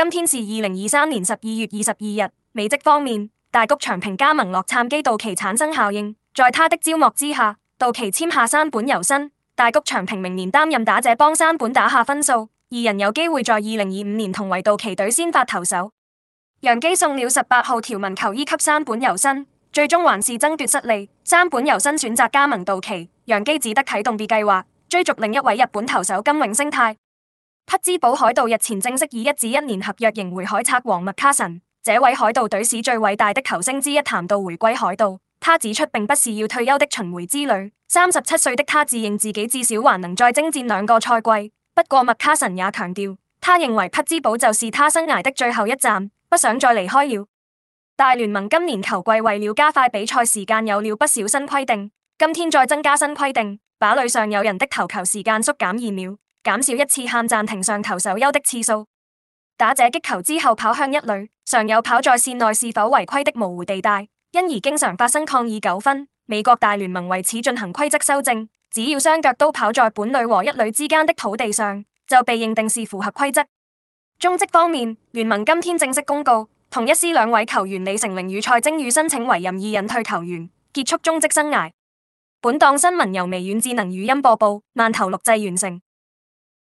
今天是二零二三年十二月二十二日。美職方面，大谷翔平加盟洛杉磯道奇產生效應，在他的招募之下，道奇簽下山本由伸。大谷翔平明年擔任打者幫山本打下分數，二人有機會在二零二五年同為道奇隊先發投手。洋基送了十八號條紋球衣給山本由伸，最終還是爭奪失利。山本由伸選擇加盟道奇，洋基只得啟動 B 計劃，追逐另一位日本投手今永昇太。匹茲堡海盜日前正式以一紙一年合約迎回海賊王麥卡臣，這位海盜隊史最偉大的球星之一談到回歸海盜，他指出並不是要退休的巡回之旅。三十七歲的他自認自己至少還能再征戰兩個賽季。不過麥卡臣也強調，他認為匹茲堡就是他生涯的最後一站，不想再離開了。大聯盟今年球季為了加快比賽時間有了不少新規定，今天再增加新規定，把壘上有人的投球時間縮減二秒。減少一次喊暫停上投手丘的次數。打者擊球之後跑向一壘，常有跑在線內是否違規的模糊地帶，因而經常發生抗議糾紛。美國大聯盟為此進行規則修正，只要雙腳都跑在本壘和一壘之間的土地上，就被認定是符合規則。中職方面，聯盟今天正式公告，統一獅兩位球員李成明與蔡貞宇申請為任意引退球員，結束中職生涯。本檔新聞由微軟智能語音播報，慢頭錄製完成。